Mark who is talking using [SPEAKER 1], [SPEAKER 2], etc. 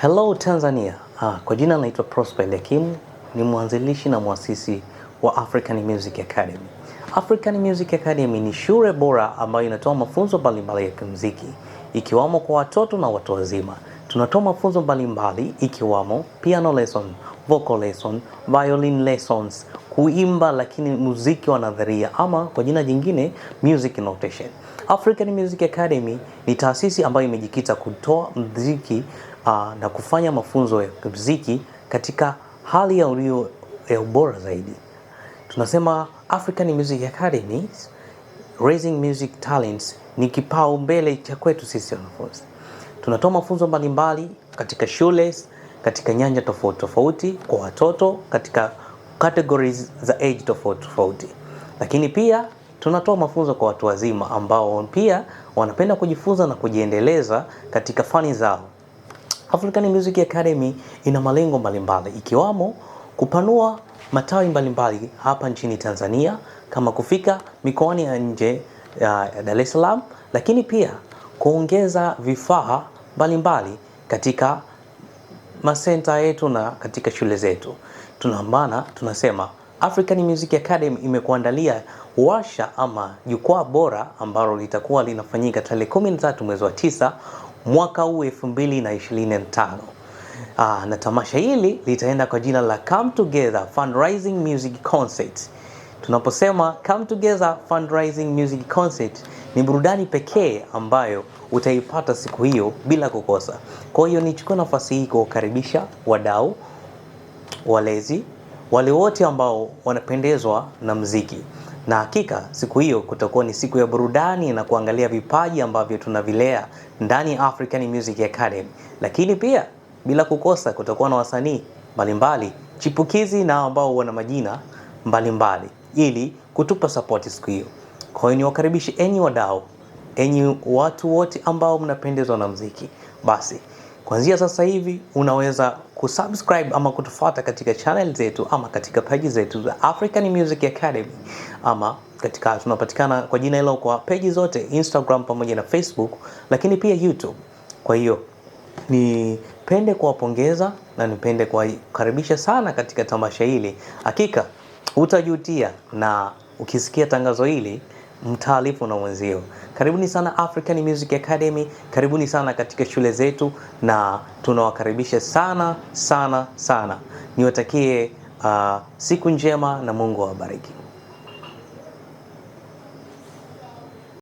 [SPEAKER 1] Hello Tanzania. Ah, kwa jina naitwa Prosper Eliakimu, ni mwanzilishi na mwasisi wa African Music Academy. African Music Academy ni shule bora ambayo inatoa mafunzo mbalimbali ya kimuziki ikiwamo kwa watoto na watu wazima. Tunatoa mafunzo mbalimbali ikiwamo piano lesson, vocal lesson, violin lessons, kuimba lakini muziki wa nadharia ama kwa jina jingine music notation. African Music Academy ni taasisi ambayo imejikita kutoa muziki uh, na kufanya mafunzo ya muziki katika hali ya ulio ya ubora zaidi. Tunasema African Music Academy Raising Music Talents ni kipaumbele cha kwetu sisi wanafunzi. Tunatoa mafunzo mbalimbali katika shule, katika nyanja tofauti tofauti kwa watoto katika categories za age tofauti tofauti, lakini pia tunatoa mafunzo kwa watu wazima ambao pia wanapenda kujifunza na kujiendeleza katika fani zao. African Music Academy ina malengo mbalimbali ikiwamo kupanua matawi mbalimbali mbali hapa nchini Tanzania kama kufika mikoani ya nje ya uh, Dar es Salaam, lakini pia kuongeza vifaa mbalimbali katika masenta yetu na katika shule zetu. Tunaambana tunasema African Music Academy imekuandalia warsha ama jukwaa bora ambalo litakuwa linafanyika tarehe 13 mwezi wa tisa mwaka huu 2025. Aa, ah, na tamasha hili litaenda kwa jina la Come Together Fundraising Music Concert. Tunaposema Come Together Fundraising Music Concert ni burudani pekee ambayo utaipata siku hiyo bila kukosa. Kwa hiyo nichukue nafasi hii kuwakaribisha wadau, walezi, wale wote ambao wanapendezwa na mziki na hakika siku hiyo kutakuwa ni siku ya burudani na kuangalia vipaji ambavyo tunavilea ndani ya African Music Academy, lakini pia bila kukosa kutakuwa na wasanii mbalimbali chipukizi na ambao wana majina mbalimbali mbali, ili kutupa sapoti siku hiyo. Kwa hiyo niwakaribishe enyi wadau, enyi watu wote ambao mnapendezwa na mziki basi Kuanzia sasa hivi unaweza kusubscribe ama kutufuata katika channel zetu ama katika page zetu za African Music Academy ama katika tunapatikana kwa jina hilo kwa page zote Instagram pamoja na Facebook, lakini pia YouTube. Kwa hiyo nipende kuwapongeza na nipende kuwakaribisha sana katika tamasha hili. Hakika utajutia, na ukisikia tangazo hili mtaalifu na mwenzio. Karibuni sana African Music Academy, karibuni sana katika shule zetu, na tunawakaribisha sana sana sana. Niwatakie uh, siku njema na Mungu awabariki.